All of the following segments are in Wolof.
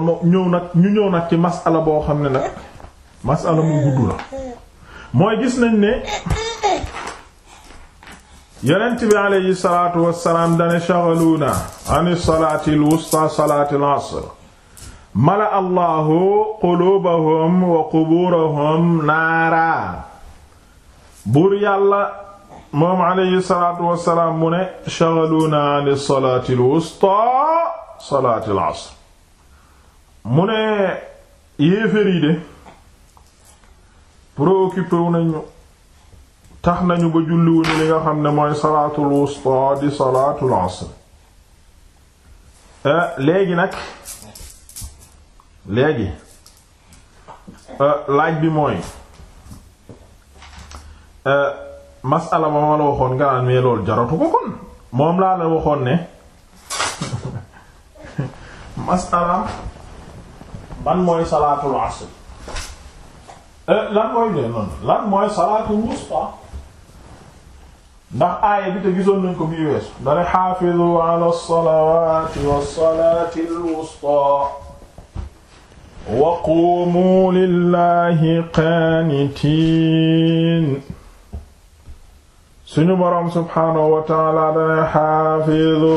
moo ñëw nag ci masala boo xam ne nag masala mooy gis nañ ni yonent bi aleyhi salaatu wassalaam dane shaghaluuna an salaati mala allahu quluubahum wa qubuurahum naara buur yàlla moom aleyhi salaatu wassalaam mu ne shaghaluuna mu ne yéeféer yi de préoccupé wu nañu tax nañu ba julliwuñu li nga xam ne mooy salaatul wusta di salaatul asr eh, léegi nag léegi eh, laaj bi mooy eh, masala ma ma la waxoon nga naan loolu jaratu ko kon moom laa la waxoon ne masala ban mooy salaatul asr eh, lan mooy de noonu lan mooy salaatul wusta ndax aaya bi te gisoon nañ ko bii weesu dane xaafizu ala salawaati wassalaati alwusta wa quumu lillahi qaanitiin suñu boroom subhaanahu wa taala dane xaafizu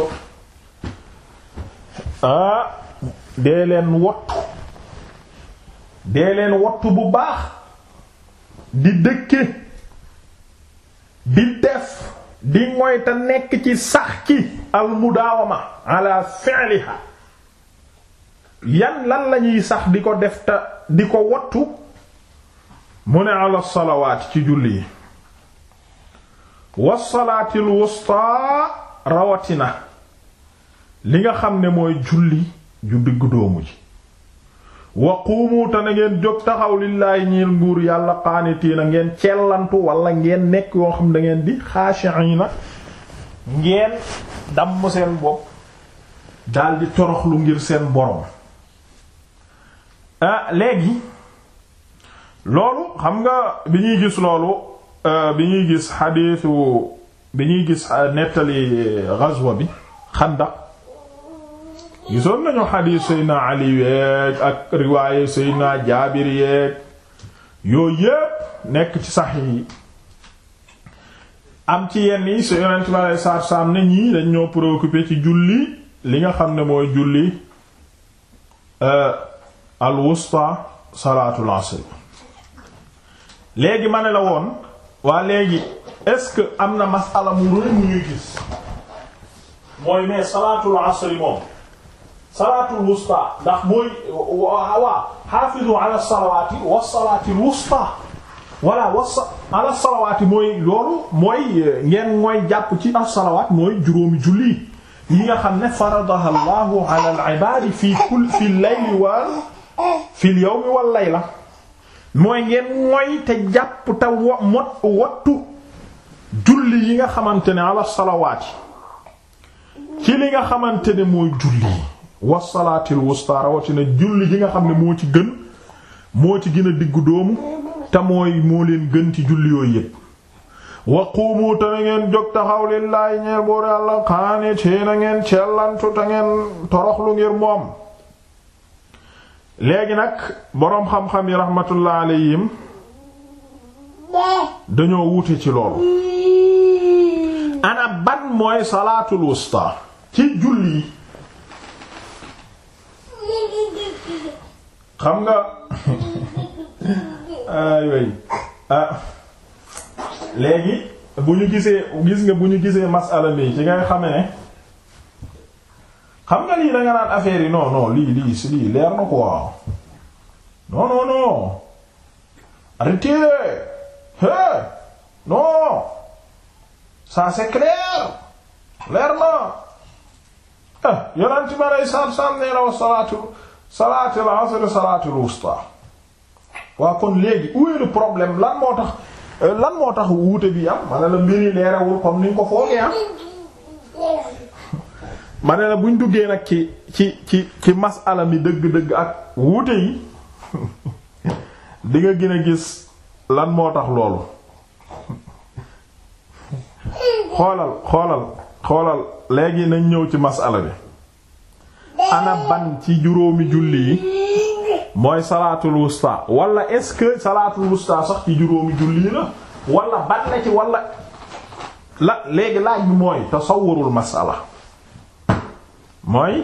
ah dee leen wottu dee leen wattu bu baax di dëkke di def di moy nekk ci sax ci almudaawama ala fi'liha yan lan lañuy sax di ko def te di ko wattu mu ne ala salawaat ci julli yi wasalaatil wusta rawatina li nga xam ne mooy julli ju diggu doomu ji wa quumu te na ngeen jóg taxaw lillaahi ñiil nguur yàlla na ngeen cellantu walla ngeen nekk yoo xam da ngeen di xaashiina ngeen damm seen bopp daldi toroxlu ngir seen borom ah, léegi loolu xam nga bi ñuy gis loolu euh, bi ñuy gis xadiisu bi ñuy gis euh, nettali euh, gazwa bi xanda gisoon nañu xadiis Seydina Ali yeeg ak riwaaye Seydina Jaabir yeeg yooyu yépp nekk ci sax yi am ci yenn yi sa yonent bi alei saatu dañ ñoo préoccupé ci julli li nga xam ne mooy julli euh, al wusta salaatul asr léegi ma ne la woon waa léegi est-ce que am na masala mu rëy mu ñuy gis mooy ne salaatul asr moom salaatul wusta ndax mooy waaw xaafizu ala salawaati wa salaatil wusta voilà wasa ala salawaati mooy loolu mooy ngeen mooy jàpp ci as salawaat mooy juróomi julli yi nga xam ne faradaha allahu ala al ibaadi fi kulli fi layli wa fi al yawmi wal layla mooy ngeen mooy te jàpp te wo mot wattu julli yi nga xamante ne ala salawaati ci li nga xamante ne mooy julli wasalaatil wusta rawatina julli ji nga xam ne moo ci gën moo ci gën diggu doomu te mooy moo leen gën ci julli yooyu yépp wa quumu te na ngeen jóg taxaw lillaahi la boor yàlla qaanitiina ngeen cellantu te ngeen toroxlu ngir moom léegi nag boroom xam-xam yi raxmatullaahi alayhim dañoo wuute ci loolu ana ban mooy salaatul wusta ci julli xam nga aywa ah, ah léegi bu ñu gisee gis nga bu ñu gisee masala mi ci ngay xame ne xam nga lii da nga naan affaire yi non lii lii si lii leer na quoi non non non arrêtez hey non ça c'est leer na ah yonanti ma lay sàr sàr salaatul asr salaatul wusta waaw kon léegi où est problème lan moo tax euh, lan moo tax wuute bi am ma ne la mbiri leerewul comme ni nga ko foogee am ah. ma ne la buñ duggee nag ci ci ci ci ala mi dëgg-dëgg ak wuute yi dinga gin a gis lan moo tax loolu xoolal xoolal xoolal léegi nañ ñëw ci masala bi ana ban ci juróomi julli yi mooy salaatul wusta wala est salaatul wusta sax ci juróomi julli yi la ban la ci wala léegi laaj mooy tasawurul masala mooy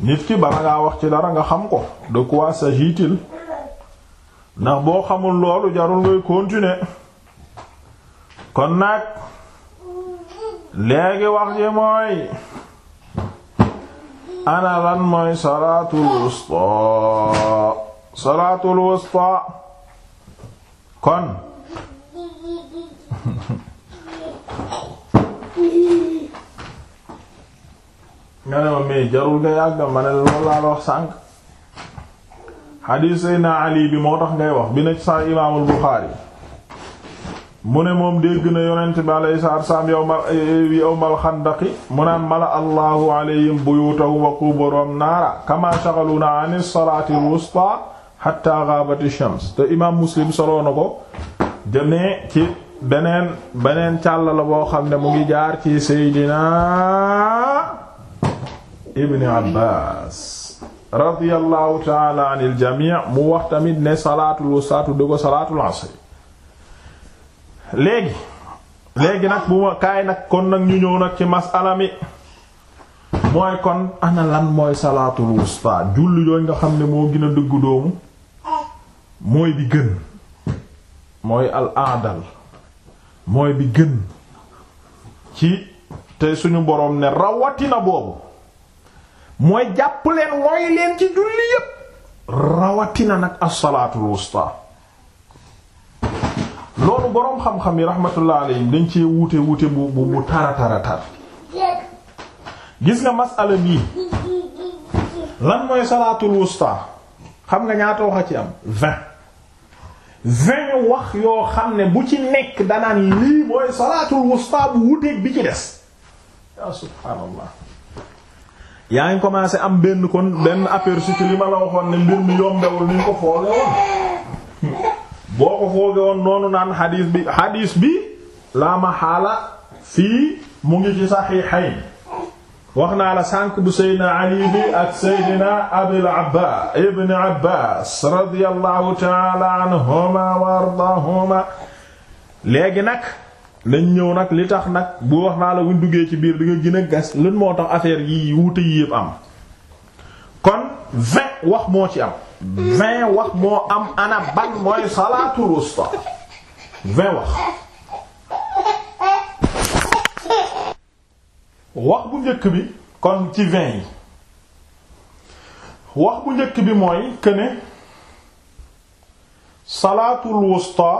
nit ki bala ngaa wax ci dara nga xam ko de quoi s'agit-il ndax boo xamul loolu jarul ngay continuer kon nag léegi wax ji mooy ana lan mooy salaatul wusta salaatul wusta kon nga ma mais jarul nga yàgg ma ne loolu laa wax sànq xadiis Seydina Ali bi moo tax wax bi na ci sa imaamul mu ne moom dégg na yonent bi alayhi salaatu salaam yawmal eh, yawmal xandaqi mu naan mala allahu alayhim buyuutahum wa quburahum naara kamaa shaghaluuna ani salaati al-wusta hatta shams te imaam muslim soloo ko jëmee ci beneen beneen càll boo xam ne mu ngi jaar ci seydina ibni abbas radiyallahu taala anil jamii mu wax tamit ne salaatul wustaatu du ko salaatul asri léegi léegi nag bu ma kaay nag kon nag ñu ñëw nag ci masala mi mooy kon ana mooy salaatul wusta julli yooyu nga xam ne moo gën a dëggu doomu mooy bi gën mooy al aadal mooy bi gën ci te suñu boroom ne rawatina boobu mooy jàpp leen mooy ci julli yépp rawatina nag as salaatul wusta loolu boroom xam-xam yi rahmatullah alayhim dañ ci wuute wute bu bu bu tara tara tar gis nga masala bii lan mooy salaatul wusta xam nga ñaata wax a ci am vingt vingt wax yoo xam ne bu ci nekk danaan lii mooy salaatul wusta bu wuteeg bi ci des ya subhaanallah yaa ngi commencé am benn kon benn aperçu ci li ma la waxoon ne mbir yombewul ni ñu ko foole woon boo ko fooge woon noonu naan xadiis bi xadiis bi la maxaala fii mu ngi ci saxiixayn wax naa la sànq bu seydina ali bi ak seydina abul abbaas ibn abbaas radiyallahu taala anhuma wa ardaahuma léegi nag lañ ñëw nag li tax nag bu wax naa la buñ duggee ci biir di nga gën a gas lan moo tax affaire yi wuute yi yépp am kon wax moo ci am vingt wax moo am ana ban mooy salaatul wusta vingt wax wax bu njëkk bi kon ci vingt yi wax bu njëkk bi mooy këne salaatul wusta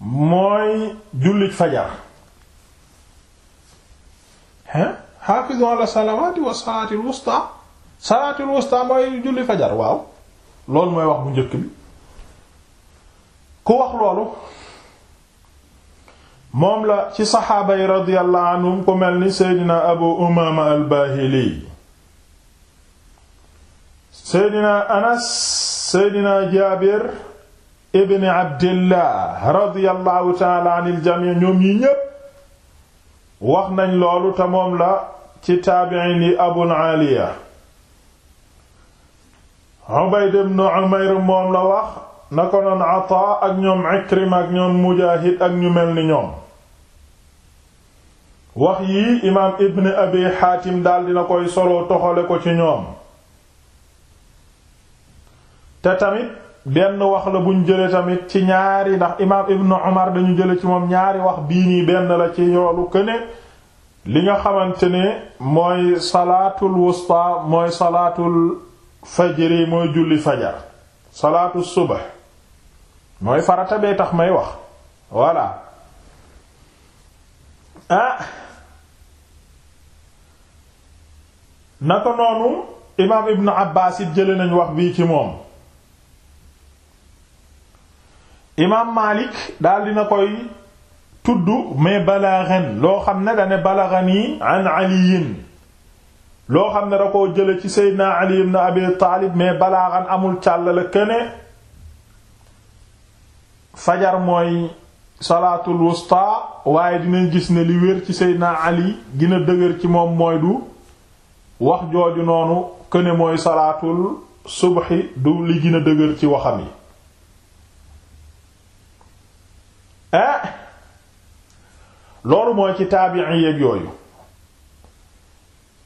mooy jullit fajar hein hafizu ala salawaati wa salaatil wusta salaatul wusta mooy julli fajar waaw loolu mooy wax bu njëkk bi ku wax loolu moom la ci saxaaba yi radiyallahu anhum ku mel ni seydina abu umaama albahili seydina anas seydina jaabir ibn abdillah radiyallahu taala anil jamii ñoom yi ñépp wax nañ loolu te moom la ci taabiin yi abul aliya Ubayd ibn Umayr moom la wax na ko noon Ataa ak ñoom Ikrima ak ñoom Mujaahid ak ñu mel ni ñoom wax yi imaam Ibn Abi Xaatim daal dina koy solo toxale ko ci ñoom te tamit benn wax la buñ jëlee tamit ci ñaari ndax imaam Ibn Umar dañu jële ci moom ñaari wax bii nii benn la ci yoolu këne li nga xamante ne mooy salaatul wusta mooy salaatul fajri mooy julli fajar salaatu suba mooy farata bee tax may wax voilà ah naka noonu imaam ibn Abbaas it jële nañ wax bii ci moom imaam Maalik daal dina koy tudd mais balaghan loo xam ne dane balaghani an aliyin loo xam ne da koo ci Seydina Ali ibn Abi mais balaaxan amul càllale kene fajar mooy salaatul wusta waaye dinañ gis ne li wér ci Seydina Ali gina dëgër ci moom mooy du wax jooju noonu kene mooy salaatul subhi du li gina dëgër ci waxam yi eh loolu mooy ci taabi'i yéeg yooyu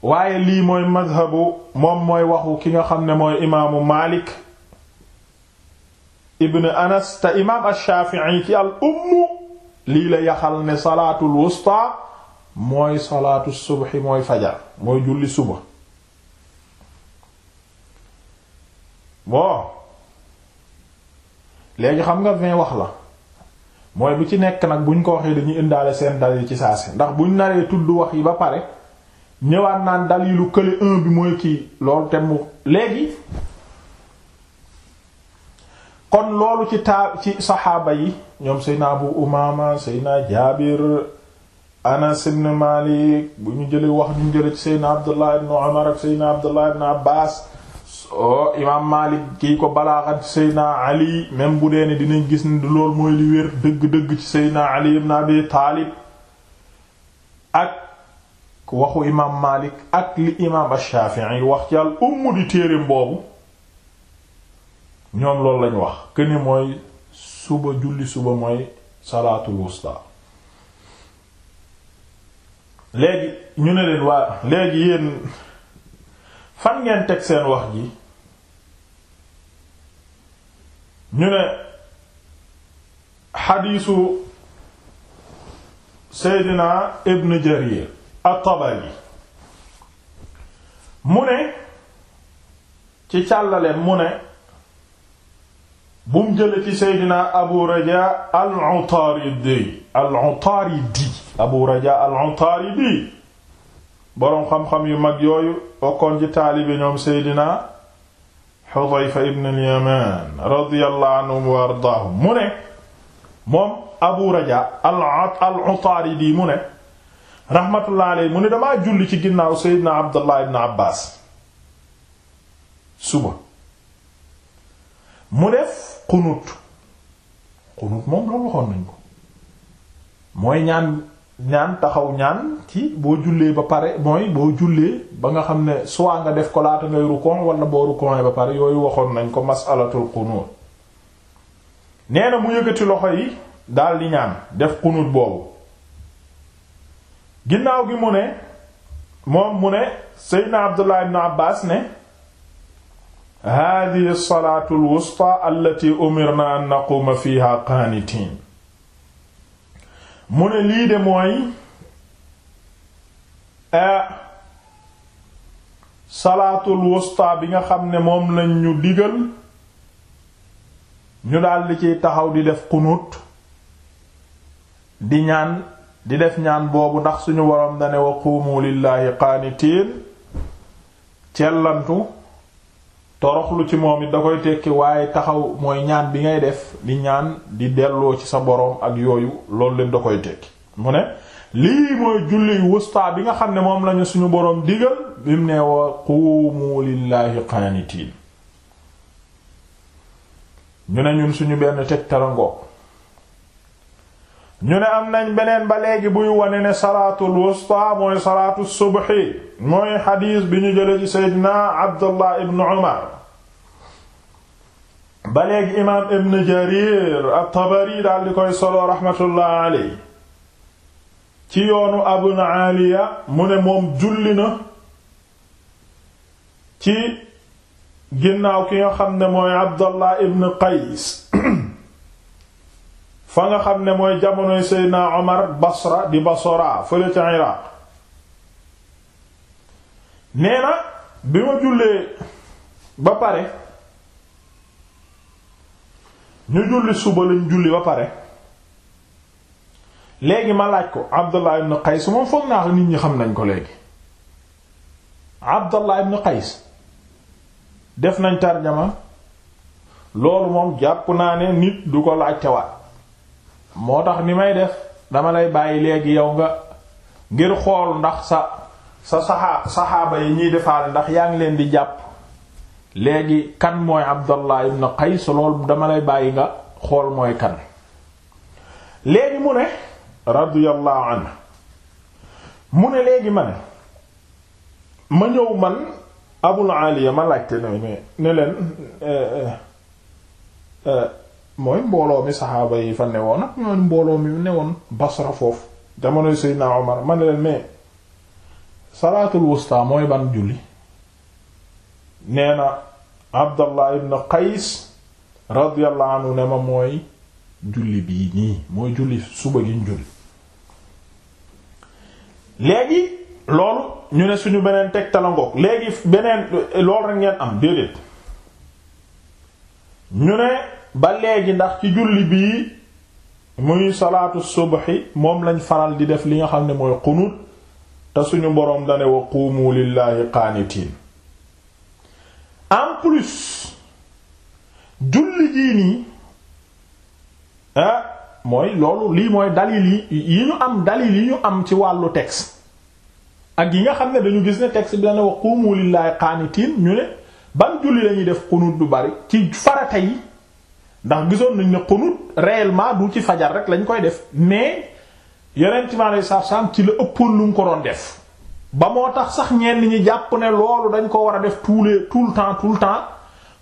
waaye lii mooy madhabu moom mooy waxu ki nga xam ne mooy imaamu Maalik ibn Anas te imaam ash-Shafi'i ci al umm lii la yaxal ne salaatul wusta mooy salaatu subhi mooy fajar mooy julli suba bon léegi xam nga vingt wax la mooy bu ci nekk nag buñ ko waxee dañuy indaale seen dal yi ci saa si ndax buñ naree tudd wax yi ba pare ñëwaat naan dalilu kële un bi mooy kii loolu te mu léegi kon loolu ci taa ci saxaaba yi ñoom Seydina Abu Umaama Seydina Jaabir Anas ibn Malik bu ñu jëlee wax ñu jëlee ci Seydina Abdullah ibn Umar ak Abdullah ibn Abbas imaam Malik kii ko balaaxat ci Seydina Ali même bu dee ne dinañ gis ni loolu mooy li wér dëgg-dëgg ci Seydina Ali ibn Abi Taalib ak waxu imaam Maalik ak li imaam Ash-Shafi'i wax ci al umm di téereem boobu ñoom loolu lañ wax këni mooy suba julli suba mooy salaatul wusta léegi ñu ne leen waa léegi yéen fan ngeen teg seen wax ji ñu ne xadiisu Seydina Ibn Jarir at-Tabari mu ne ci càllaleen mu ne bum jële seydina Abu Raja al-Utaridi Abu Raja al-Utaridi boroom xam yu mag yooyu bokkoon ci taalibe ñoom seydina Xudayfa ibn al-Yaman radiyallahu anhu wa ardaahu mu ne Abu Raja al-Utaridi mu rahmatullah alayhi mu ne damaa julli ci ginnaaw Seydina Abdullah ibn Abbas suba mu def xunut xunut moom la waxoon nañ ko mooy ñaan ñaan taxaw ñaan ci boo jullee ba pare mooy boo jullee ba nga xam ne soit nga def ko laata ngay rukon wala boo rukonee ba pare yooyu waxoon nañ ko masalatul xunut nee na mu yëkkati loxo yi daal di ñaan def xunut boobu ginnaaw gi mu ne moom mu ne seydna abdullah ibn abbas ne hadihi salaatu alwusta allati umirna an naquuma fiha salaatul wusta bi nga xam ne moom lañ ñu digal ñu daldi ciy taxaw di def xunuut di ñaan di def ñaan boobu ndax suñu waroom dane wa quumu lillaahi qaanitiin cellantu toroxlu ci moom it da koy tekki waaye taxaw mooy ñaan bi ngay def di ñaan di delloo ci sa boroom ak yooyu loolu leen da koy tekki mu ne lii mooy julli wusta bi nga xam ne moom lañu suñu boroom digal bi mu ne wa quumu lillaahi qaanitiin ñu ne ñun suñu benn teg tarangook ñu ne am nañ beneen ba léegi buy wane ne salaatul wusta mooy salaatu subhi mooy xadiis bi ñu jële ci seydina abdullah ibn umar ba léegi imaam ibn jarir at-tabari daal di koy solo raxmatullah aley ci yoonu abul aliya mu ne moom julli na ci ginnaaw ki nga xam ne mooy abdullah ibn qays fa nga xam ne mooy jamono Seydina Omar Basra di Basora fële ca Iraq nee na bi ma jullee ba pare ñu julli suba lañ julli ba pare léegi ma laaj ko Abdullah ibn Qays moom foog naa nit ñi xam nañ ko léegi Abdullah ibn Qays def nañ tarjama loolu moom jàpp naa ne nit du ko laaj tewaat moo tax ni may def dama lay bàyyi léegi yow nga ngir xool ndax sa sa saxaa saxaaba yi ñuy defaale ndax yaa ngi leen di jàpp léegi kan mooy Abdallah ibn Qays lool dama lay bàyyi nga xool mooy kan léegi mu ne radiyallahu anhu mu ne léegi ma ne ma ñëw man Abul Aliya ma laajte ne leen eh, eh, eh, mooy mbooloo mi saxaaba yi fa newoon ak ñooñu mbooloo mi newoon Basra foofu jamonoy Seydina Omar man leen mais salaatul wusta mooy ban julli nee na Abdallah Qays radiyallahu anhu ne ma mooy julli bii nii mooy julli suba gi ñu léegi loolu ñu ne suñu beneen tegtal a léegi beneen loolu rek ngeen am déedéet ñu ne ba léegi ndax ci julli bii muy salaatu subhi moom lañ faral di def li nga xam ne mooy xunut te suñu boroom dane wa quumu lillaahi qaanitiin en plus julli jii nii ah, mooy loolu lii mooy dalil yi yi ñu am dalil yi ñu am ci wàllu texte ak yi nga xam ne dañu gis ne texte bi dane wa quumu lillaahi qaanitiin ñu ne ban julli lañuy def xunut du bari ci farata yi ndax gisoon nañ ne qunut réellement du ci fajar rek lañ koy def mais yeneen ci maanaam saabsaab ci la ëppoon lu mu ko doon def. ba moo tax sax ñenn ñi jàpp ne loolu dañ ko war a def tous les tout le temps tout le temps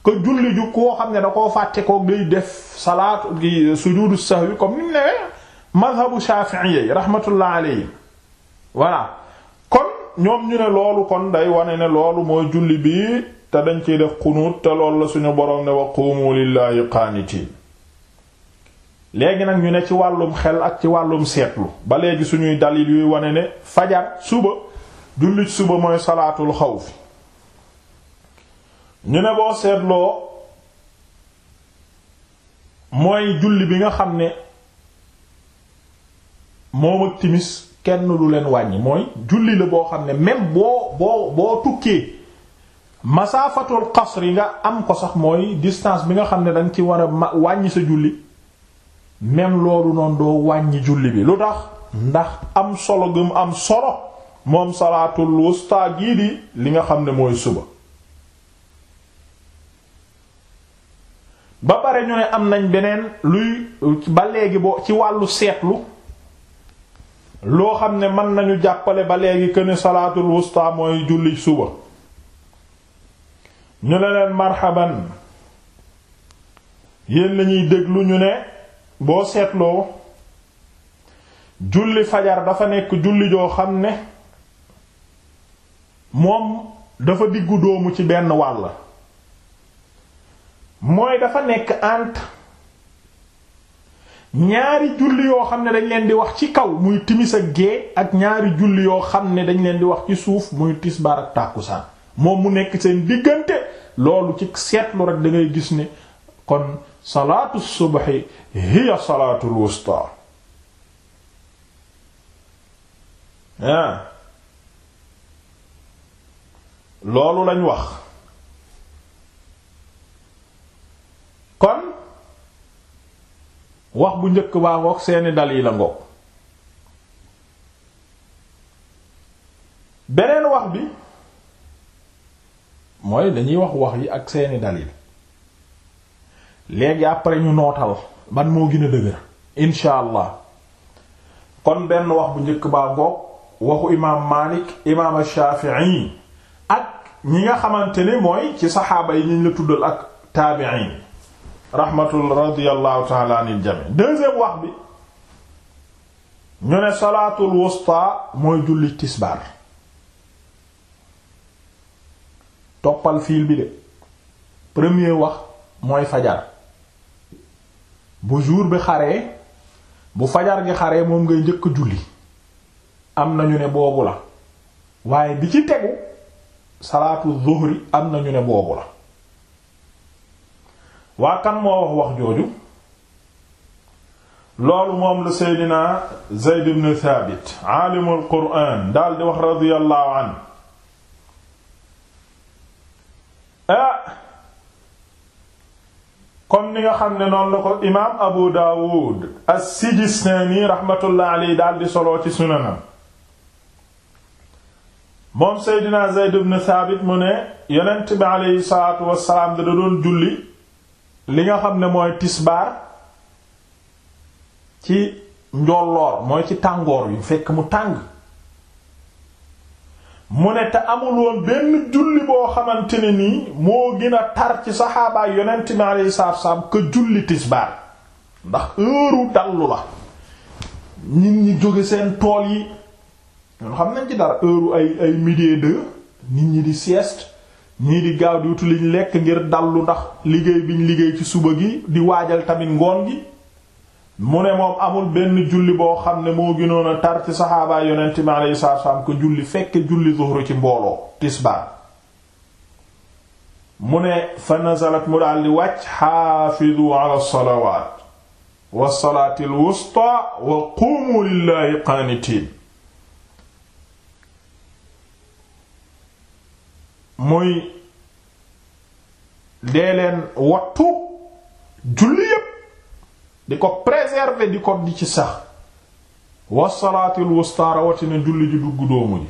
que julli ju koo xam ne da koo fàtte ko ngay def salaat gi sujudu sahwi comme ni mu newee madhabu shafi'i rahmatullah alayhi voilà kon ñoom ñu ne loolu kon day wane ne loolu mooy julli bii te dañ ciy def xunuut te loolu la suñu boroom ne wa quumu lillaahi qaanitiin léegi nag ñu ne ci wàllum xel ak ci wàllum seetlu ba léegi suñuy dalil yuy wane ne fajar suba jullit suba mooy salaatul xawf ñu ne boo seetloo mooy julli bi nga xam ne moom ak timis kenn du leen wàññi mooy julli la boo xam ne même boo boo boo tukkee masaafatul qasr yi nga am ko sax mooy distance bi nga xam ne danga ci war a wàññi sa julli même loolu noonu doo wàññi julli bi lu tax ndax am solo gëm am solo moom salaatul wusta gii di li nga xam ne mooy suba ba pare ñu ne am nañ beneen luy ba léegi ci wàllu seetlu loo xam ne mën nañu jàppale ba léegi ne salaatul wusta mooy julli suba ñu ne leen marhaban yéen lañuy déglu ñu ne boo seetloo julli fajar dafa nekk julli joo xam ne moom dafa diggu doomu ci benn wàll mooy dafa nekk entre ñaari julli yoo xam ne dañ leen di wax ci kaw muy timis ak gée ak ñaari julli yoo xam ne dañ leen di wax ci suuf muy tisbaar ak tàkkusaan moom mu nekk seen diggante loolu ci seetlu rek da ngay gis ni kon salaatu subaxi hiya salaatul wusta ah loolu lañ wax kon wax bu njëkk baa ngoog seeni dal yi la ngoog beneen wax bi mooy dañuy wax wax yi ak seeni dalil léegi après ñu nootal ban moo gën a dëgër incha allah kon benn wax bu njëkk baa ngoog waxu imaam Maalik imaam Shaafi'i ak ñi nga xamante ne mooy ci saxaaba yi ñu la tuddal ak taabi'in rahmatul radiyallahu ta'ala anil jami' deuxième wax bi ñu ne salaatul wusta mooy julli tisbaar toppal fiil bi de premier wax mooy fajar bu jour bi xare bu fajar gi xaree moom ngay njëkk julli am nañu ne boobu la waaye bi ci tegu salaatu zuhri am nañu ne boobu la waa kan moo wax wax jooju loolu moom la seydina Zayd ibn Thabit aalimul quraan daldi wax radiyallahu anhu ah comme ni nga xam ne noonu la ko imaam Abu Dawud as-Sijistani rahmatullah alayhi daal di solo ci sunanam moom Seydina Zayd ibn Thabit mu ne yonent bi aleyhi salaatu wasalaam da doon julli li nga xam ne mooy tisbaar ci njolloor mooy ci tàngoor yu fekk mu tàng mu ne te amul benn julli boo xamante ne nii moo gën a tar ci saxaabaay yonent mi alayhi salaatu salaam que julli tisbaar ndax heure dallu la nit ñi jóge seen tool yi ñoo xam nañ ci dara heure ay ay midi deux nit ñi di sieste ñii di gaaw di wutu liñ lekk ngir dallu ndax liggéey biñ liggéey ci suba gi di waajal tamit ngoon gi mu ne moom amul benn julli boo xam ne moo gënoon a tar ci saxaabaay yonent mi alayhi salaatu wassalaam ko julli fekk julli zuhru ci mbooloo tisbaar mu ne fa nazalat mu daal di wàcc xaafidu ala salawaat wa salaatil wusta wa quumu lillaahi qaanitiin muy dee wattu julli yépp di ko préserver di ko di ci sax wasalaatil wusta rawatina julli ji dugg doomu ji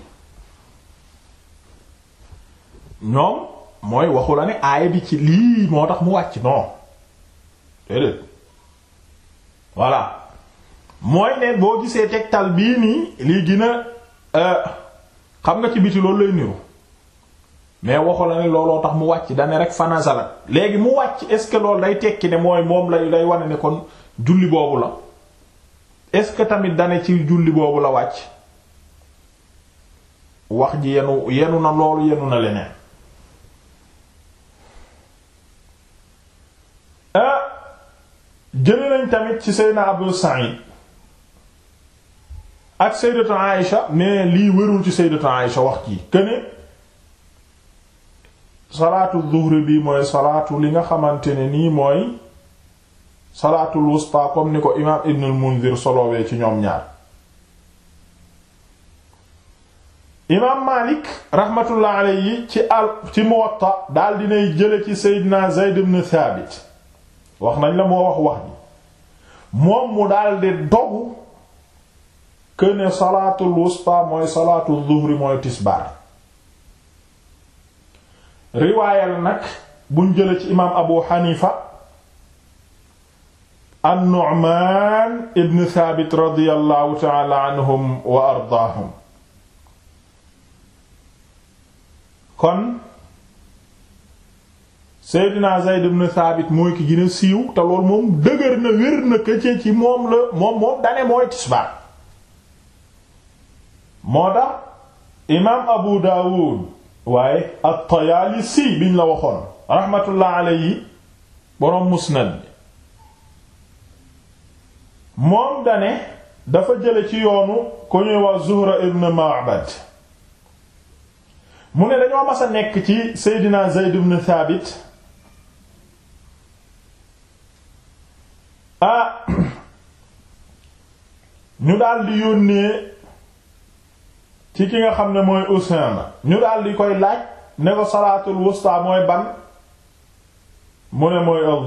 ñoom mooy waxu la ne aaya bi ci lii moo tax mu wàcc non déedéet voilà mooy ne boo gisee tegtal bii nii lii gina euh, xam nga ci biti loolu lay niru mais waxu la ne looloo tax mu wàcc dane rek fa nazalat léegi mu wàcc est ce que loolu day tekki ne mooy moom lay lay wane ne kon julli boobu la est-ce que tamit dane ci julli boobu la wàcc wax ji yenu yenu na loolu yenu na leneen ah jële nañ tamit ci Seydina Abu Sa'id ak Sayyidatu Aïsha mais lii wérul ci Sayyidatu Aïsha wax ji këne salaatu zuhri bi mooy salaatu li nga xamante ne nii mooy salaatul wusta comme ni ko imaam ibn mundir solowee ci ñoom ñaar imaam maalik raxmatullah alayhi ci al ci muwatta daal dinay jële ci seydina zayd ibn thabit wax nañ la moo wax wax ji moom mu daal di dogu këne salaatul wusta mooy salaatul zuhri mooy tisbaar riwaayal nag buñ jële ci imaam abu xanifa an-Nu'man ibn Thabit radiyallahu ta'ala anhum wa ardaahum kon Seydina Zayd ibn Thabit mooy ki gën siiw te moom dëgër na wér na këcce ci moom la moom moom dane mooy tisbaar moo tax imaam Abu Dawud waaye at-Tayaalisi biñ la waxoon rahmatullah alayhi boroom musnad moom dane dafa jële ci yoonu ku ñuy wax Zuhra ibn Ma'bad mu ne dañoo mas nekk ci Seydina Zayd Thabit ah ñu daldi yónnee ci ki nga xam ne mooy Usaama ñu daldi koy laaj ne ko salaatul wusta mooy ban mu ne mooy al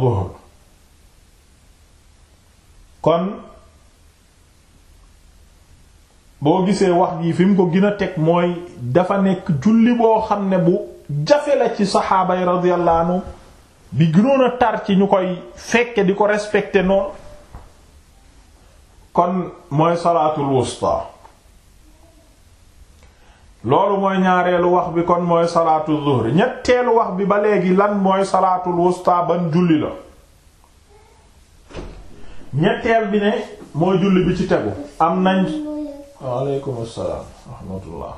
kon boo gisee wax ji fi mu ko gin a teg mooy dafa nekk julli boo xam ne bu jafe la ci saxaaba yi radiyallahu bi gënoon a tar ci ñu koy fekke di ko respecté noonu kon mooy salaatul wusta loolu mooy ñaareelu wax bi kon mooy salaatu zuhri ñetteelu wax bi ba léegi lan mooy salaatul wusta ban julli la ñetteel bi ne mooy julli bi ci tegu am nañ waaleykum assalaam rahmatullah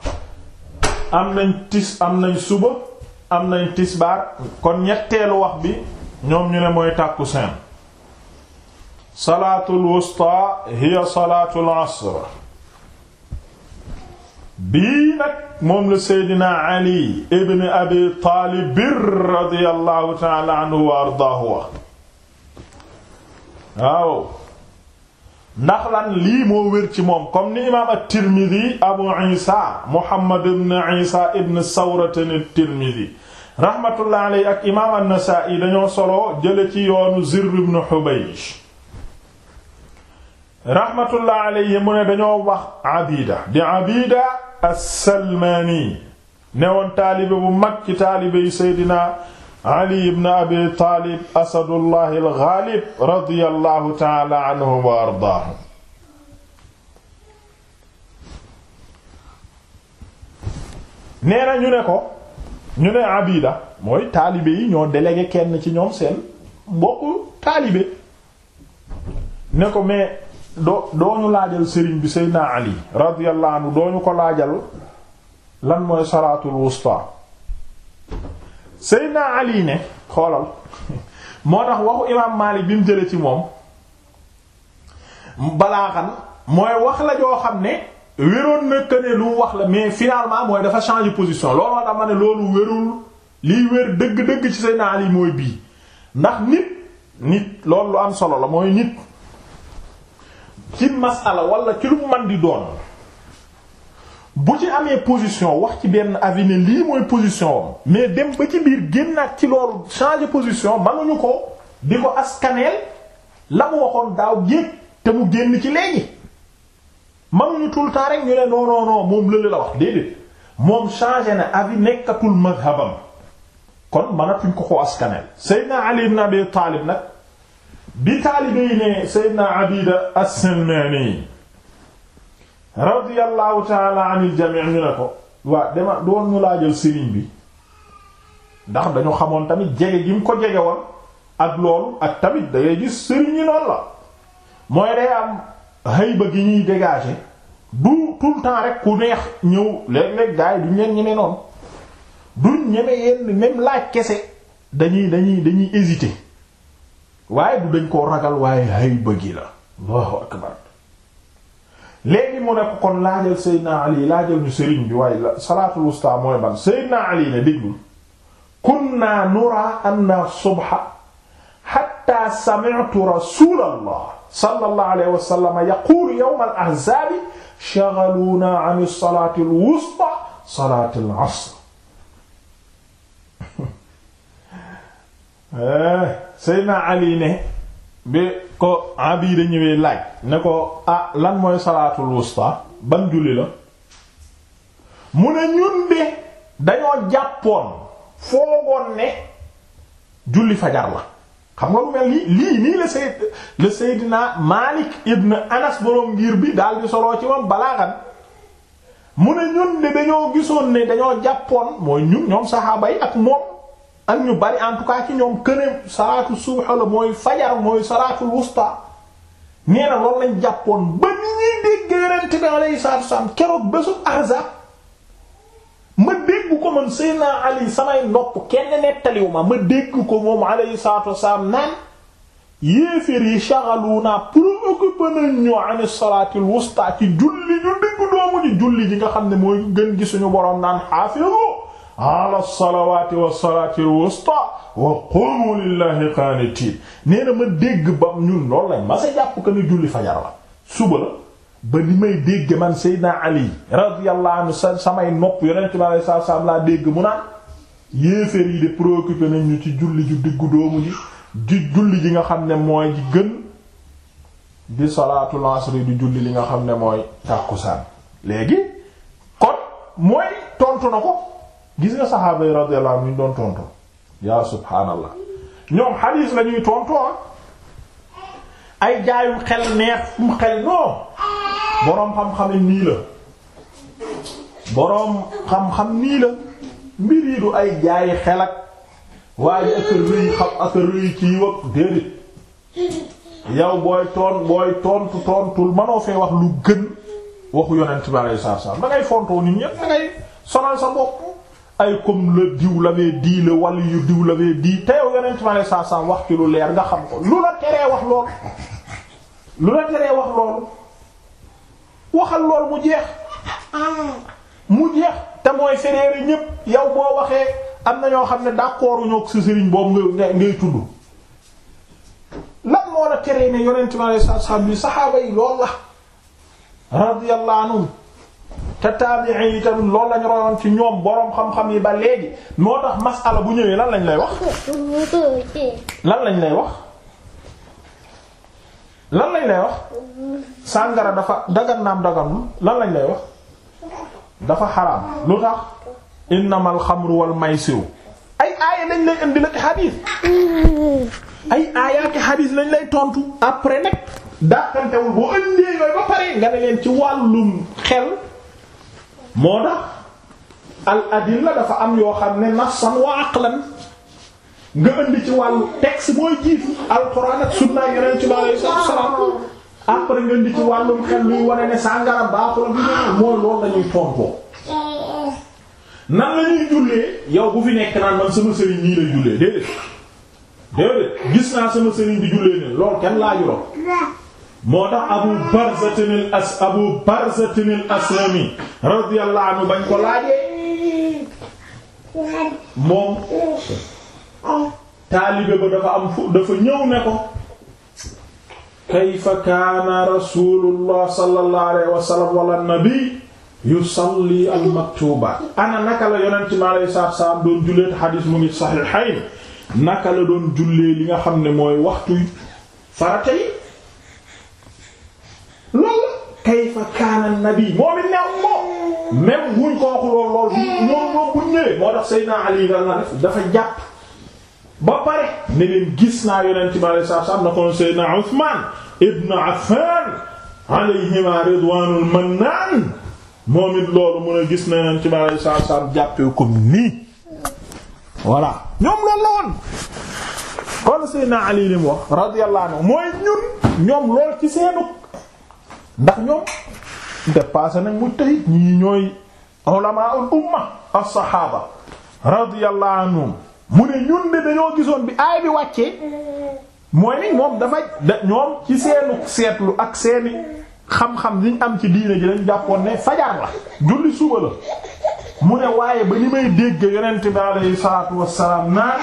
am nañ tis am nañ suba am nañ tisbaar kon ñetteelu wax bi ñoom ñu ne mooy tàkkusaan salaatul wusta hiya salaatul asr bii nag moom la seydina ali ibn abi taalib radiyallahu ta'ala anhu wa ardaahu waaw ndax lan lii moo wér ci moom comme ni imaam at-Tirmidhi Abu Isa Muhammad ibn Isa ibn Sawratan at-Tirmidhi rahmatullah ak imaam an-Nasa'i dañoo solo jële ci yoonu Zirr ibn Hubaysh rahmatullah alayhi mu ne dañoo wax Abida di Abida as-Salmani newoon taalibe bu mag ci Seydina ali ibn abi taalib asadullah alxaalib radiyallahu taala anhum wa ardaahum nee na ñu ne ko ñu ne abida mooy taalibe yi ñoo délégué kenn ci ñoom seen mbokk taalibe ne ko mais doo doo laajal sëriñ bi seydna ali radiyallahu anhu doo ko laajal lan mooy salaatul wusta Seydina Ali ne xoolal moo tax waxu imaam Maalik bi mu jëlee ci moom balaaxan mooy wax la joo xam ne wéroon na ne lu wax la mais finalement mooy dafa changer position loolu moo tax ma ne loolu wérul liy wér dëgg-dëgg ci Seydina Ali mooy bii ndax nit nit loolu lu am solo la mooy nit ci masala wala ci lu mën di doon. bu ci amee position wax ci benn avis ne lii mooy position wam mais dem ba ci biir génnaat ci loolu changer position mënuñu ko di ko askaneel la mu waxoon daaw géej te mu génn ci léegi mënuñu tout le temps rek ñu ne non moom lële la wax déedéet moom changé ne avis nekkatul mazhabam kon mënatuñ ko ko askaneel. Seydina Ali ibn Abi Taalib nag bi taalibe yi ne Seydina Abida as-Salmani radiyallahu taala anil jami' ñu ne ko waa dama doon ñu laajal sëriñ bi ndax dañu xamoon tamit jege gi mu ko jege woon ak loolu ak tamit da gis sëriñ yi noonu la mooy day am hayba gi ñuy dégager du tout le temps rek ku neex ñëw le léeg du yi duñ leen ñeme noonu duñ ñeme yenn même laaj kese dañuy dañuy dañuy hésiter waaye du dañ ko ragal waaye hayba gi la léegi mu ne ko kon laajal Seydina Ali laajal ñu sëriñ bi waaye salaatul wusta mooy ban Seydina Ali ne déglul kunna nura anna subha hatta sami'tu rasulallah sallallahu alayhi wa sallam yaqulu yawm al-ahzab shaghaluna 'an as-salati al-wusta salati al-'asr eh, Seydina Ali ne bi ko Abida ñëwee laaj ne ko ah lan mooy salaatul wusta ban julli la mu ne ñun de dañoo jàppoon foogoon ne julli fajar la xam nga mu mel lii lii nii la sayd la Seydina Malik ibn Anas boroom ngir bi daal di soloo ci moom balaaxan mu ne ñun de dañoo gisoon ne dañoo jàppoon mooy ñun ñoom saxaaba yi ak moom ak ñu bari en tout cas ci ñoom këneem salaatu subha la mooy fajar mooy salaatul wusta nee na lañ jàppoon ba ni ñuy dégg bi alayhi salaatu wassalaam keroog bésu Ahzab ma dégg ko samay nopp kenn ma ma dégg ko moom alayhi salaatu wassalaam naan yéeféer yi shaghaluuna préoccupé nañ ñu an salaatil wusta ci julli ñu dégg doomu ji julli ji nga xam ne mooy gën gisuñu boroom naan xaafiru ala salawaati wa salaati al-wusta wa qumu ma dégg ba ñun loolu lañ ma sa jàpp que ni julli fajar la suba la ba li may dégg man Seydina Ali radiyallahu anhu sa samay nopp yonent bi alayhi laa dégg mu naan yéeféer yi de préoccupé nañ ñu ci julli ju diggu doomu ji julli ji nga xam ne mooy ji gën di salaatul asri di julli li nga xam ne mooy tàkkusaan léegi kon mooy tontu na ko gis nga saxaaba yi radiyallahu anhum doon tontu yaa subhaanallah ñoom xadiis la ñuy tontu ah. ay jaayum xel neex mu xel non boroom xam-xam nii la boroom xam-xam nii la mbir yi du ay jaayi xel ak waaye ak rëy ci yiw ak déedéet yow booy toon booy tontu tontul manoo fee wax lu gën waxu yonent bi alayhi salaam da ngay fontoo nit ñépp da ngay sonal sa bopp. ay comme le diw l'avait dit le wàllu yu diw l'avait dit te yow yeneen ci wax ci leer nga xam ko lu la teree wax lool la teree wax lool waxal lool mu jeex mu jeex te mooy fereeri ñépp yow boo waxee am na ñoo xam ne d'accord ñoo ak sa sëriñ boobu nga ngay tudd lan moo la teree yonent bi sallallahu alayhi wasallam saxaaba yi lool la radiyallahu anhum te taabi'i yi tam loolu lañu royoon ci ñoom boroom xam-xam yi ba léegi moo tax masala bu ñëwee lan lañu lay wax lan lañ lay wax lan lañ lay wax sàngara dafa dagan naam daganul lan lañ lay wax dafa xaraam lu tax innamal xamru wal maysiru ay aaya lañ lay indi la ki xadiis ay aaya ki xadiis lañ lay tontu après nag daakantewul boo indee nga ne leen ci wàllum xel moo tax al adilla dafa am yoo xam ne nafsan wa aqlan nga indi ci wàllu texte mooy jiitu alxuraan ak sunna yeneen ci alayhi salaam après nga indi ci wàllum xel luy wane ne sàngara baaxul bi mooy loolu lañuy tontoo nan la ñuy jullee yow bu fi nekk naan man sama sëriñ nii lay jullee déedéet déedéet gis naa sama sëriñ di jullee ne loolu kenn laa juróom moo tax abu barzatin al as abu barzatin aslami radiyallahu anhu bañ moom taalibe ba dafa am fu dafa ñëw ne ko kayfa kaana rasulullah sallallahu alayhi wa sallam wala nabi yusalli al maktubaat ana naka la yonent mi doon jullee xadiis mu ngi saxiixayn naka la doon jullee li nga xam ne mooy waxtu farata yi kayfa kaana nabi moom it neew moom même wuñ ko waxul woon lool moom moom buñ ñëwee moo tax Seydina Ali dal na def dafa jàpp ba pare ne leen gis naa yonent bi alayhi salaatu salaam na ko Seydina Usmaan ibn Affaan alayhima ridwaanul mannaan moom it loolu mun a gis na yonent bi alayhi salaatu salaam jàppee comme nii voilà ñoom loolu la woon kon Seydina Ali li mu wax radiyallahu anhu mooy ñun ñoom lool ci seenu ndax ñoom dépassé nañ mujtahid ñii ñooy ulamaul umma as-sahaba radiyallahu anhum mu ne ñun de dañoo gisoon bi aay bi wàccee mooy ni moom dafa ñoom ci seenu seetlu ak seeni xam-xam liñ am ci diine ji lañ jàppoon ne fajar la julli suba la mu ne waaye ba ni may dégg yonent bi alayhi salaatu wassalaam naan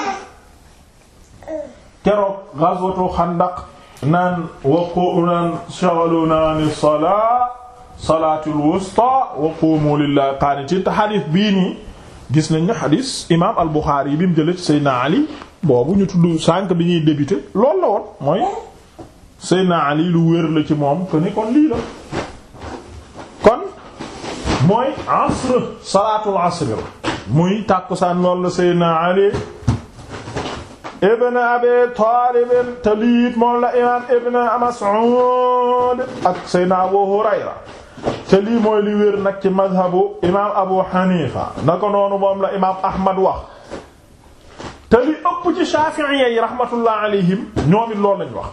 keroog ghazwatu xandaq naan waqu naan shaghaluna an as-salaa salaatul wusta wa qumu lillahi qaanitiin te xadis bii gis nañ ne xadis imaam al Buxaari yi bi mu ci Seydina Ali boobu ñu tudd sànq bi ñuy débuté loolu la mooy Seydina Ali lu wér la ci moom que ni kon lii la kon mooy asr salaatul asr muy tàkkusaan loolu la Seydina Ali ibn abi taalib te liit moom la imaam ibn mas'ud ak sayna abu hurayra te lii mooy li wér nag ci madhabu imaam abu hanifa na ko noonu moom la imaam ahmad wax te li ëpp ci shafi'iyya rahmatullah alayhim ñoom it loolu lañ wax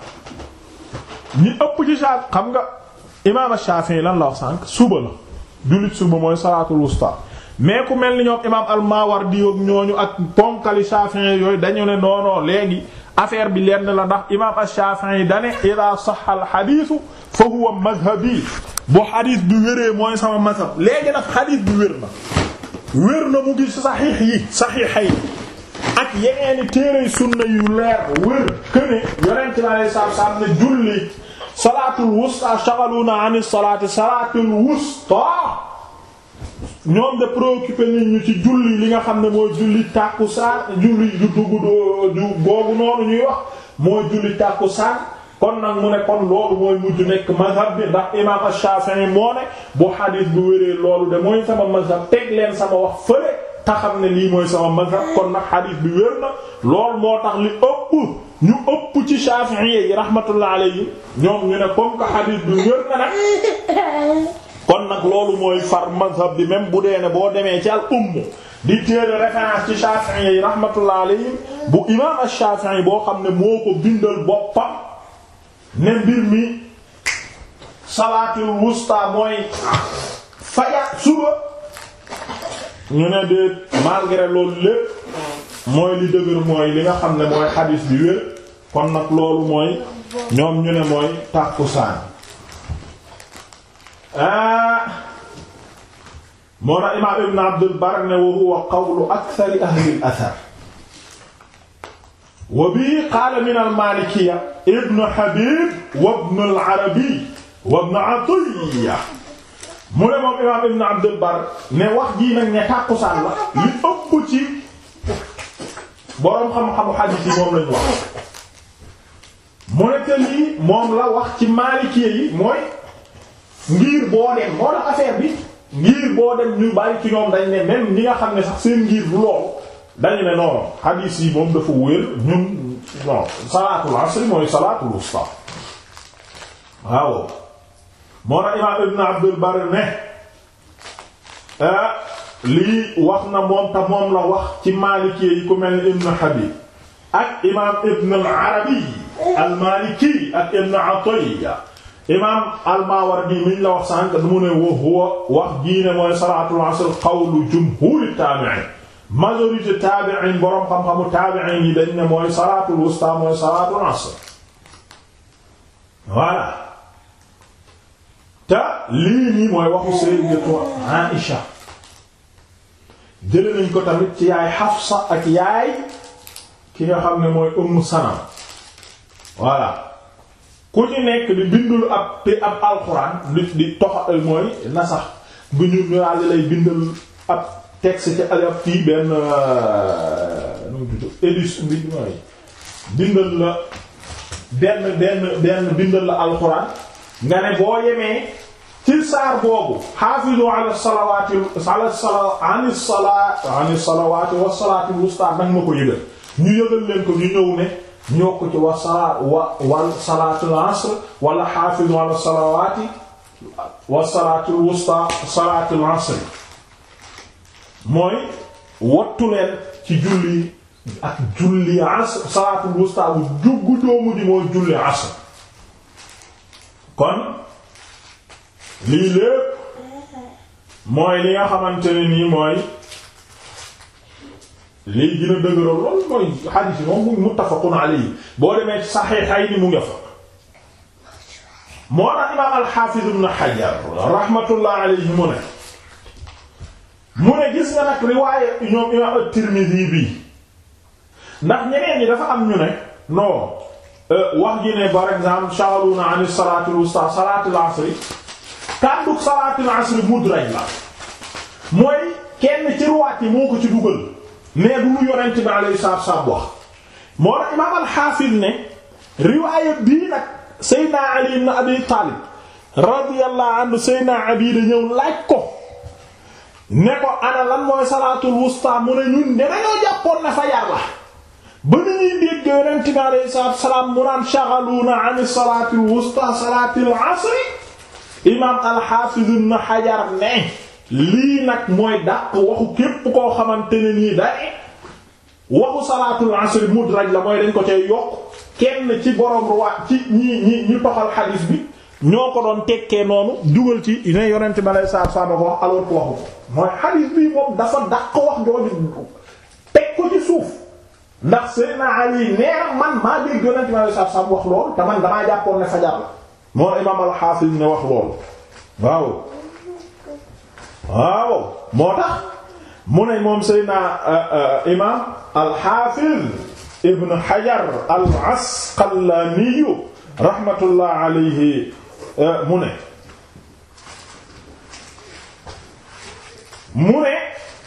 ñi ëpp ci shafi xam nga imaam shafi'i lan la wax sànq suba la jullit suba mooy salaatul wusta mais ku mel ni ñoom imaam al-Mawardi ñooñu ak ponkali Shafi'i yooyu dañu ne noonoo léegi affaire bi lenn la ndax imaam al-Shafi'i dane ida sahha al-hadith fa huwa madhhabi bu hadith bi wéree mooy sama mazhab léegi nag hadith bi wér na wér na mu ngi saxiix yi saxiixay ak yeneeni téere sunna yu leer wér këne yonent bi alayhi salaatu salaam ne julli salaatul wusta shaghaluna an as-salaati salaatul wusta ñoom de préoccupé nit ñu ci julli li nga xam ne mooy julli tàkkusaan julli ju dugg ju boobu noonu ñuy wax mooy julli tàkkusaan kon nag mu ne kon loolu mooy mujj nekk mazhab bi ndax imaam Shafi'i moo ne bu xadiis bu wéree loolu teg leen sama wax xam ne lii mooy sama mazhab kon nag xadiis bi wér na loolu moo tax li ëpp ñu ëpp ci Shafi'i yi rahmatullah alayhi ñoom ñu ne comme que xadiis bi wér na nag kon nag loolu mooy far mazhab bi même bu dee ne boo demee ci al umm di téere référence ci Shafi'i yi rahmatullah bu imam ash-Shafi'i boo xam ne moo ko bindal boppam ne mbir mi salaatul wusta mooy faja suba ñu ne déet malgré loolu lépp mooy li dëgër mooy li nga xam ne mooy xadiis bi wér kon nag loolu mooy ñoom ñu ne mooy tàkkusaan Ah. moo na imaam ibn abdul bar ne wa huwa qawlu akthari ahli al-athar wa bihi qaala min al-maalikiyya ibn habib wa ibn al-arabi wa ibn atiyya mu ne moom imaam ibn abdul bar ne wax jii nag ne tàkkusaan la li ëpp ci boroom xam-xamu hadiis yi moom lañu wax mu ne te lii moom la wax ci maalikiyya yi mooy ngir boo dem moo la affaire bi ngir boo dem ñu bàyyi ci ñoom dañ ne même ñi nga xam ne sax seen ngir bu loolu dañu ne noonu hadis yi moom dafa wér ñun salaatul asr mooy salaatul wusta waaw moo na imaam ibn abdul bar ne ah, lii wax na moom ta moom la wax ci maalikee yi ku mel ni ibn habib ak imaam ibn al arabi al maliki ak ibn atiya imaam al-Mawardi miñ la wax sànq mu ne wa huwa wax jii ne mooy salaatul asr qawlu jumhuuri taabi'iin majorité taabi'iin boroom xam-xamu taabi'iin yi dañ ne mooy salaatul wusta mooy salaatul asr voilà te lii nii mooy waxu sayyidatu Aïsha jëlee nañ ko tamit ci yaay Hafsa ak yaay ki nga xam ne mooy Umm Salama voilà. ku ci nekk di bindul ab te ab alxuraan di di tox eh, mooy nasax bu ñu ñu àll lay bindal ab texte ci ab kii benn euh, nu mu tudd édition bi mooy bindal la benn benn benn bindal la alxuraan nga ne boo yemee ci saar boobu xaafizu ala salawaati ala sala ani salaat ani salawaati wa salaatil wusta nag ma ko yëgal ñu yëgal leen ko ñu ñëw ne ñoo ko wa sala wa wal salaatul asr wala xaafizu ala salawaati wa salaatul wusta asr mooy wattu ci julli ak julli asr salaatul wusta bu juggu doomu di mooy julli asr kon lii lépp mooy li nga xamante ne mooy lii gën a mooy xadiis boo demee ci mu nga fa moo tax imaam alxaafiz ibn Hajar rahmatullah mu ne mu ne gis nga nag riwaaye ñoom imaam at-Tirmidhi bi ndax ñeneen ñi dafa am ñu ne euh, wax ji ne par exemple shaghaluuna an al wustaa al asri kànduk salaati al-asri mudraj la mooy kenn ci ruwaat yi moo ko ci dugal mais du lu yonent bi alayhi salaatu wax moo tax imaam al ne riwaaya bii nag Seydina Ali ibn Abi Talib radiyallahu anhu Seydina Abi da ñëw laaj ne ko ana lan mooy salaatul mu ne ñun ne dañoo jàppoon na fa yàlla ba ni ñuy dégg yonent bi alayhi salaatu salaam mu naan shaghaluuna an salaatil wusta imaam al-Hafiz ibn ne lii nag mooy dàq waxu képp koo xamante ne nii day waxu salaatul asr mudraj la mooy dañ ko cay yokk kenn ci borom ruwaat ci ñi ñi ñi toxal xadiis bi ñoo ko doon tekkee noonu dugal ci ne yonent bi alei salatu salaam ko wax alors ko waxu ko mooy xadiis bi moom dafa dàq wax jooju teg ko ci suuf ndax Seydina Ali neer man maa dégg yonent bi alei salatu salaam wax loolu te man damaa jàppoon ne fajar la moo imaam al-Hafiz ne wax loolu waaw waaw moo tax mu ne moom Seydina euh, euh, imaam al-Hafiz Ibn Hajar al-Asqalani rahmatullah alayhi euh, mu ne mu ne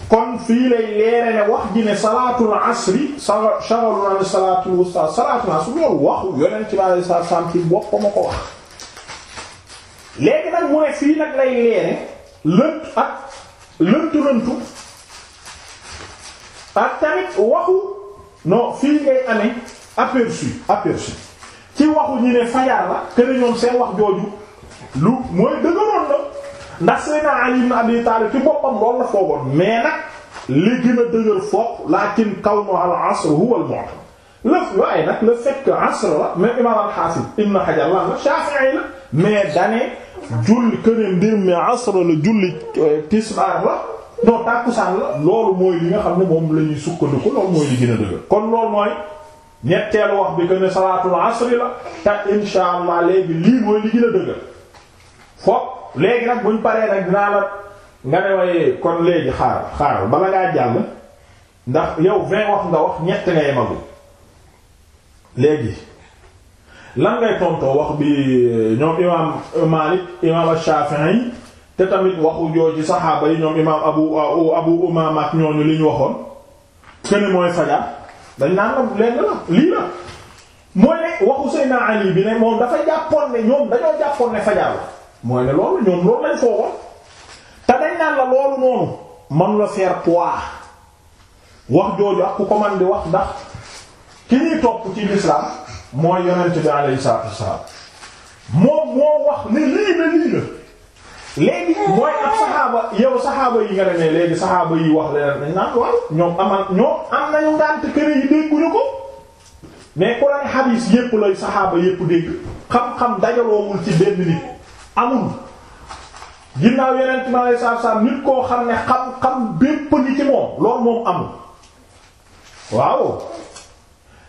kon fii lay leere ne wax ji ne salaatul asri shaghaluna an salaatul wusta salaatul asri loolu waxu yonent bi alayhi salaam ci boppam a ko wax léegi nag mu ne fii nag lay leere lënt ak lëntu lëntu ak waxu non fii ngay amee aperçu aperçu ci waxu ñi ne fajar la wax jooju lu mooy dëgëroon la ndax Ali ibn Abi Talib ci boppam loolu la foogoon li gën a dëgër lakin kawnu al asr huwa al mu'tam lëf waaye nag le fait que asr al-Hafiz ibn Hajar la Shafi'i la mais dane julli këneen mbir mi asra la julli euh, tisbaar la non tàkkusaan la loolu mooy li nga xam ne moom la ñuy sukkandiku loolu mooy li gën a dëgg kon wax bi que ne salaatul asri la te insha allah léegi lii mooy li gën a dëgg foofu léegi nag buñ paree nag dinaa la nga ne waaye kon léegi xaaral xaaral bala ngaa jàll ndax yow vingt wax nga wax ñett ngay magu léegi lan ngay tontoo wax bi eh, ñoom imaam Maalik imaam Shaafi'i te tamit waxu jooju saxaaba yi ñoom imaam Abu ah, Abu Umaama ak ñooñu li ñu waxoon kenn mooy fajar dañ naan la lenn la lii la mooy ne waxu Seydina Ali bi ne moom dafa jàppoon ne ñoom dañoo jàppoon ne fajar la mooy ne loolu ñoom loolu lañ foogoon wax jooju ak ku ko wax ndax ki ñuy topp ci l'islam mooy yonent bi alayhi salaatu moom moo wax ne lii la lii la léegi mooy ak saxaaba yow saxaaba yi nga demee léegi saxaaba yi wax leen dañ naan ñoom amal ñoom am nañu ngànt këre yi dégguñu ko mais ku lay xadiis yépp ci benn nit amul ginnaaw yeneen mi alei satu salaam nit koo xam ne xam-xam bépp ni ci moom loolu moom amul waaw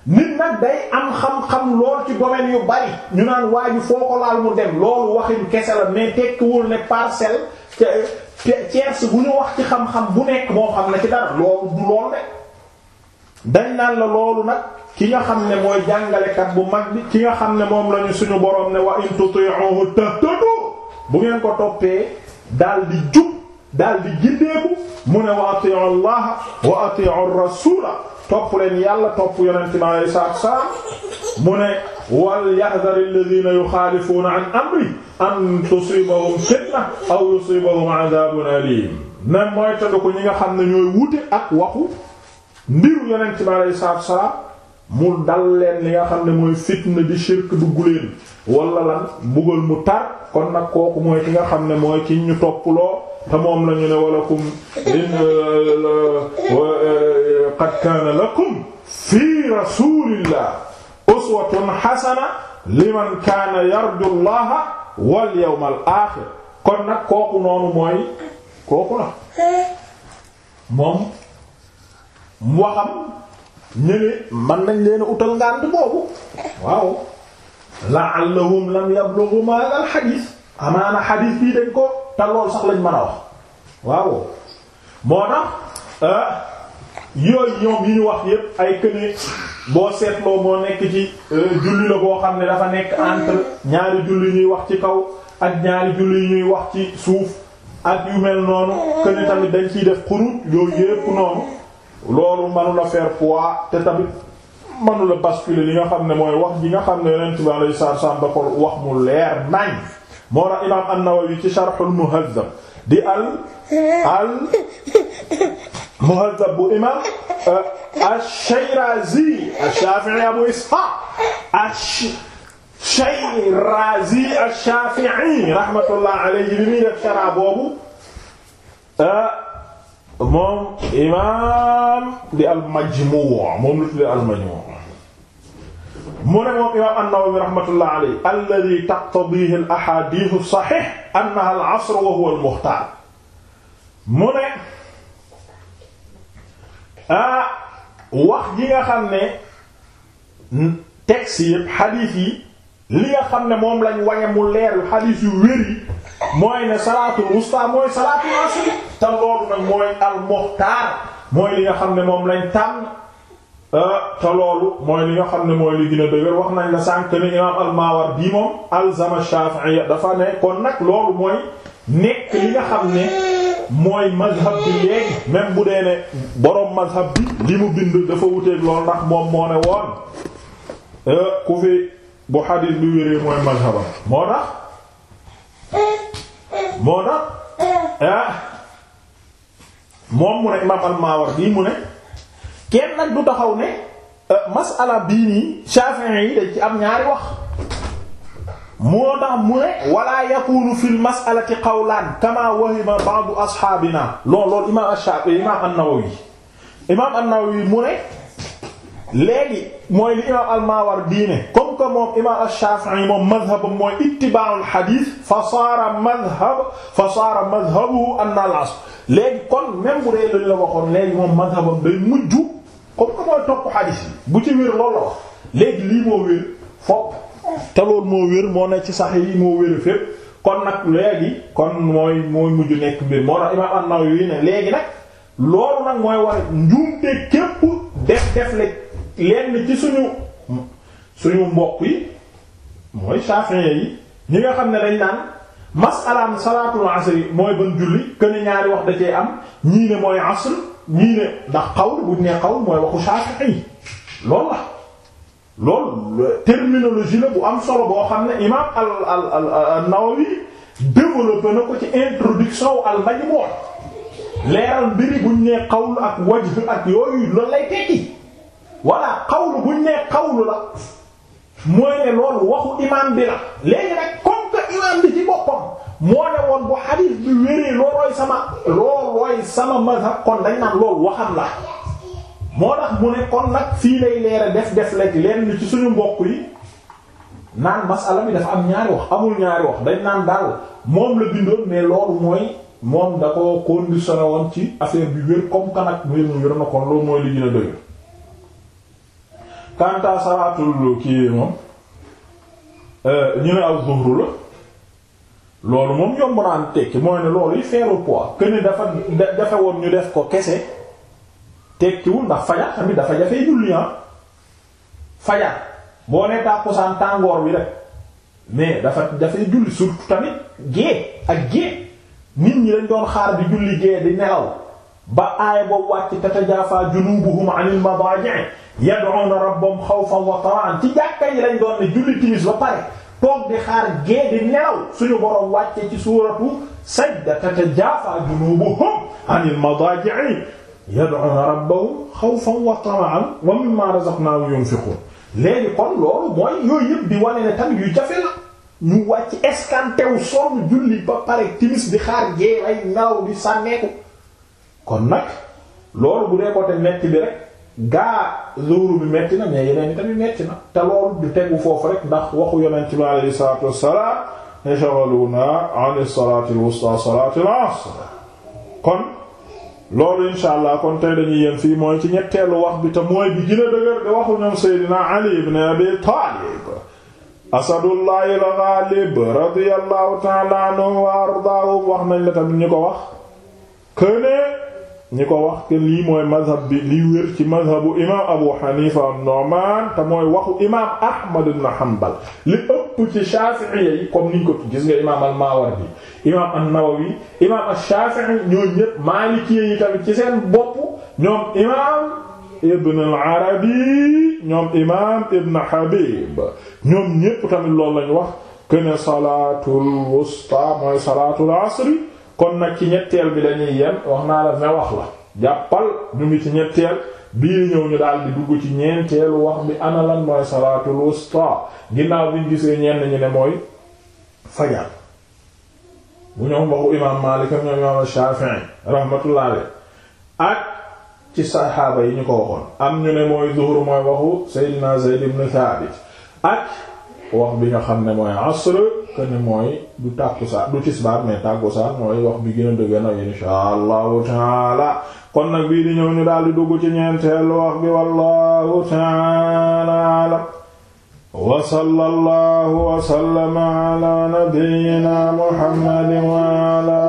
nit nag day am xam-xam lool ci domaine yu bari ñu naan waa ji foo ko laal mu dem loolu waxin kese la mais tekkiwul ne parcelle tierce bu ñu wax ci xam-xam bu nekk moo xam na ci dara loolu du lool de dañ naan la loolu nag ki nga xam ne mooy jàngalekat bu mag bi ki nga xam ne moom lañu suñu boroom ne wa in tuti'uhu tahtadu bu ngeen ko toppee dal di jub daal di gindeeku mu ne wa atiu allah wa atiu rasula topp leen yàlla topp yonente bi alayhi salaatu salaam mu ne wal yahdar alladhina yukhalifuuna an amri an tusibahum fitna aw yusibahum adhabun alim nan mooy tëdd ko ñi nga xam ne ñooy wute ak waxu mbiru yonente bi alayhi salaatu salaam mu dal leen li nga xam ne mooy fitna di shirk dugg leen wala lan mbugal mu tar kon nag kooku mooy ki nga xam ne mooy ki ñu topp loo te moom lañu ne walakum in qad kaana lakum fi rasulillah uswatun hasana liman kaana yarju llaha wal yawmal axir kon nag kooku noonu mooy kooku la moom mu waxam ñëne mën nañ leen utal ngànt boobu waaw la'allahum lam yablughu ma al hadith amaana hadith bi dañ ko te lool sax lañ mën a wax waaw moo tax euh, yooyu ñoom yi ñu wax yépp ay këne boo seetloo moo nekk ci euh, julli la boo xam ne dafa nekk entre ñaari julli ñuy wax ci kaw ak ñaari julli ñuy wax ci suuf ak yu mel noonu këne tamit dañ ciy def xurut yooyu yépp noonu loolu mënu la faire te tamit mënu la basculer li nga xam ne mooy wax ji nga xam ne yonent bi alayhi salaam da ko wax mu leer nañ moo tax imaam an-Nawawi ci sharhul Muhazzab di al al Muhazzab bu imaam euh, ash-Shirazi ash-Shafi'i Abu Ishaq ash-Shirazi ash-Shafi'i rahmatullah alayhi li muy def shara boobu euh, moom imaam di al-Majmu' moom lu tudd al-Majmu' mu ne moom imaam an-Nawawi rahmatullah alayhi alladhi taqtadihi al-ahadith sahih annaha al-'asr wa huwa al-mukhtar mu ah wax ji nga xam ne texte yëpp xadiis li nga xam ne moom lañ wañe mu leer yu xadiis yi mooy ne salaatul li nga xam ne moom lañ tànn Ah, te loolu mooy li nga xam ne mooy li gën a dëgër wax nañ la sànk ni imaam al-Mawardi moom alzama Shafi'i dafa ne kon nag loolu mooy nekk li nga xam ne mooy mazhab bi léegi même bu dee ne boroom mazhab bi li mu bind dafa wuteeg loolu ndax moom moo ne woon ah, moo tax ah, moom mu ne imaam al-Mawardi mu ne kenn nag du taxaw ne euh, masala bii nii Shafi'i yi dañ ci am ñaari wax moo tax mu ne wala yakunu fil mas'alati qawlan kama wahima ba'du ashaabina lool loolu imam ash-Shafi'i imam an-Nawawi imam an-Nawawi mu ne léegi mooy li imam al-Mawardi ne comme que moom imam ash-Shafi'i moom madhabam mooy ittiba'ul hadith fa saara madhab fa saara madhabuhu anna al-asl léegi kon même bu dee lañ la waxoon léegi moom madhabam day mujj comme que mooy topp xadiis yi bu ci wér loolu la wax léegi lii moo wér fopp te loolu moo wér moo ne ci sax yi moo wér fépp kon nag léegi kon mooy mooy mujj nekk mbir moo tax imaam An-Nawawi ne léegi nag loolu nag mooy war njuumte képp def def lenn ci suñu suñu mbokk yi mooy Shafi'i yi ñi nga xam ne dañ naan masalaam salaatul asr yi mooy ban julli que ñaari wax da cee am ñii ne mooy asr ñii ne ndax xawl buñ ne xawl mooy waxu Shafi'i loolu la loolu bu am solo boo xam ne imaam al al al Nawawi développé na ko ci introduction al Majmu' leeral mbiri buñ ne xawl ak wajh ak yooyu loolu lay tekki voilà xawlu buñ ne xawlu la mooy ne waxu imaam bi la léegi nag comme bi ci boppam moo ne woon bu hadith bi wéree loolooy sama loolooy sama mazhab kon dañ naan loolu waxam la moo tax mu ne kon nag fii lay leere def def lekk leen ci suñu mbokk yi naan masala bi dafa am ñaari wax amul ñaari wax dañ naan daal moom la bindoon mais loolu mooy moom da ko conditionné woon ci affaire bi wér comme kan mu wér euh, ñu ne aw zuhru la loolu moom yomb naan tekki mooy ne loolu yi feeru poids que ne dafa jafe woon ñu def ko kese tekkiwul ndax fajar tamit dafa jafee julli ah fajar boo nee tàngoor wi rek mais dafa jafee julli surtout tamit gée ak gée nit ñi dañ doon xaar di julli gée di nelaw ba aaya boobu wàcc tatajaafaa junuubuhum anil madaaji' yad'uuna rabbahum xawfan wa tama'an ci jàkka yi lañ doon ne julli timis ba pare. toog di xaar gée di nelaw suñu borom wàcce ci suuratu sajda tatajaafa junubuhum anil madaaji'i yad'una rabbahum xawfan wa tama'an wa mimma razaqnahum yunfiqun léegi kon loolu mooy yooyu yëpp di wane ne tamit yu jafe la ñu wàcc escanté wu sonn julli ba pare timis di xaar gée ay nelaw di sànneeku kon nag loolu bu dee ko te metti bi rek. gaa zuhru bi metti na mais yeneen tamit metti na te loolu du tegu foofu rek ndax waxu yonent bi alayhi salaatu wassalaam yashghaluuna an kon loolu insha kon tey dañuy yem fii mooy ci ñetteelu wax bi te mooy bi dëgër de waxu ñoom Seydina Ali ibn Abi Taalib asadullahi al-ghalib radiyallahu ta'ala anhu ardaahu wax nañ la tamit ñu ko wax këne ñi ko wax que lii mooy mazhab bi li wér ci mazhabu imaam Abu Hanifa an-Nu'man te mooy waxu imaam Ahmad ibn Hanbal li ëpp ci Shafi'i yi comme niñ ko gis imaam al-Mawardi imaam an imaam ash-Shafi'i ñoo ñëpp Maliki yi tamit ci seen bopp ñoom imaam Ibn al-Arabi ñoom imaam Ibn Habib ñoom ñëpp tamit loolu lañ wax que ne salaatul mooy salaatul asri kon nag ci ñetteel bi lañuy yem wax naa la vingt wax la jàppal ñu ngi ci ñetteel bii ñëw ñu daal di dugg ci ñeenteelu wax bi ana lan mooy salaatul wusta ginnaaw biñ gisee ñenn ñu ne mooy fajar bu ñoom waxu imaam Maalik ak ñoom imaam Shaafi'i rahmatullahi alayhi ak ci saxaaba yi ñu ko waxoon am ñu ne mooy zuhur mooy waxu Seydina Zayd ibn Thabit ak wax bi nga xam ne mooy asr que ne mooy du tàkkusaan du tisbaar mais tàkkusaan mooy wax bi gën a dëgg nag insha allahu taala kon nag bii di ñëw ñu daal di dugg ci ñeenteelu wax bi wallahu taala alam wa sallallahu wa sallama ala nabiyyina muhammadin wa ala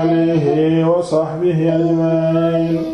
alihi wa sahbihi ajma'in